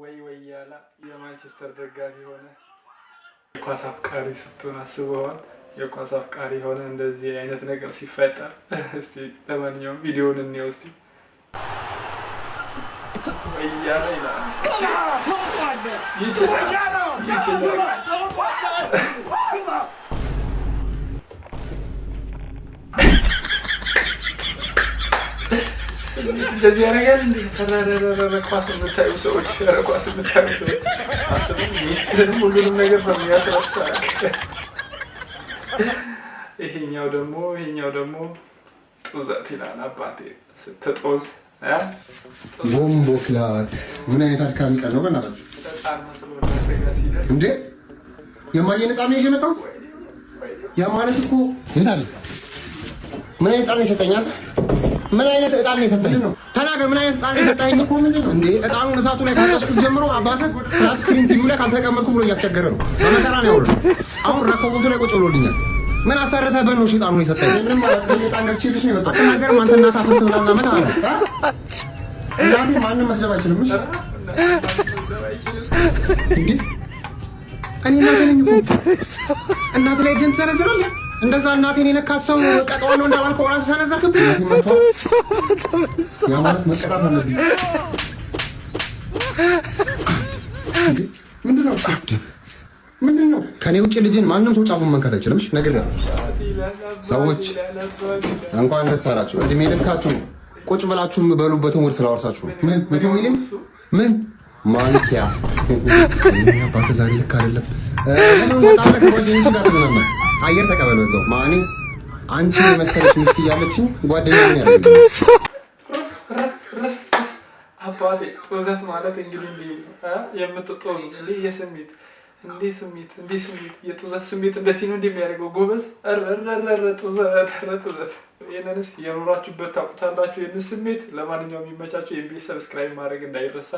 ወይ ወይ ያላ የማንቸስተር ደጋፊ ሆነ የኳስ አፍቃሪ ስትሆን አስበዋል። የኳስ አፍቃሪ ሆነ እንደዚህ አይነት ነገር ሲፈጠር እስቲ ለማንኛውም ቪዲዮውን እንየው እስቲ። ይችላል ይችላል እንደዚህ ያደርጋል። ኳስ የምታዩ ሰዎች ኳስ የምታዩ ሰዎች አስቡም ሚስትንም ሁሉንም ነገር በሚያስረሳ ይሄኛው ደግሞ ይሄኛው ደግሞ ጡዘት ይላል። አባቴ ስትጦዝ ቦምቦክላ ምን አይነት አድካሚ ቀን ነው በእናታችሁ እንዴ! የማየ ነጣም ነው የመጣው። ያ ማለት እኮ ምን አይነት ጣም ይሰጠኛል ምን አይነት እጣን ነው የሰጠኝ? ተናገር። ምን አይነት እጣን ነው የሰጠኝ? እጣኑ እሳቱ ላይ ካጠስኩት ጀምሮ አባሰ ፍላት ስክሪን ቲቪ ላይ ካልተቀመጥኩ ብሎ እያስቸገረ ነው። በመከራ ነው ያወራሁ። አሁን ረኮቦቱ ላይ ቁጭ ብሎልኛል። ምን አሰርተህበት ነው እጣኑን የሰጠኝ? አትናገርም አንተ እናትህ አፈር ትብላና መታ አለ። እናቴ ማንም መስደብ አይችልም። እኔ እናቴ ነኝ እናት ላይ እጅን ትሰነዝራለህ? እንደዛ እናቴን የነካት ሰው ቀጠዋለሁ እንዳባልከው እራስህ ሰነዘርክብኝ። ያማለት መቀጣት አለብኝ። ምንድን ነው ከኔ ውጭ ልጅን ማንም ሰው ጫፉን መንካት አይችልም። ነገር ሰዎች እንኳን ደስ አላችሁ። እድሜ ልካችሁ ቁጭ ብላችሁ የምበሉበትን ወር ስላወርሳችሁ ምን ምን ማንኪያ ባተ ዛሬ ልክ አይደለም። አየር ተቀበል በዛው ማኔ አንቺ የመሰለች ሚስት እያለችኝ ጓደኛ ያለ አባቴ እውነት ማለት እንግዲህ እንዲህ የምትጦዙ እንዲህ የስሜት እንዲህ ስሜት እንዲህ ስሜት የጡዘት ስሜት እንደዚህ ነው እንደሚያደርገው ጎበዝ ረረረረ ጡዘት ጡዘት። ይህንንስ የኖራችሁበት ታውቁታላችሁ። ይህንን ስሜት ለማንኛውም የሚመቻቸው የቤት ሰብስክራይብ ማድረግ እንዳይረሳ።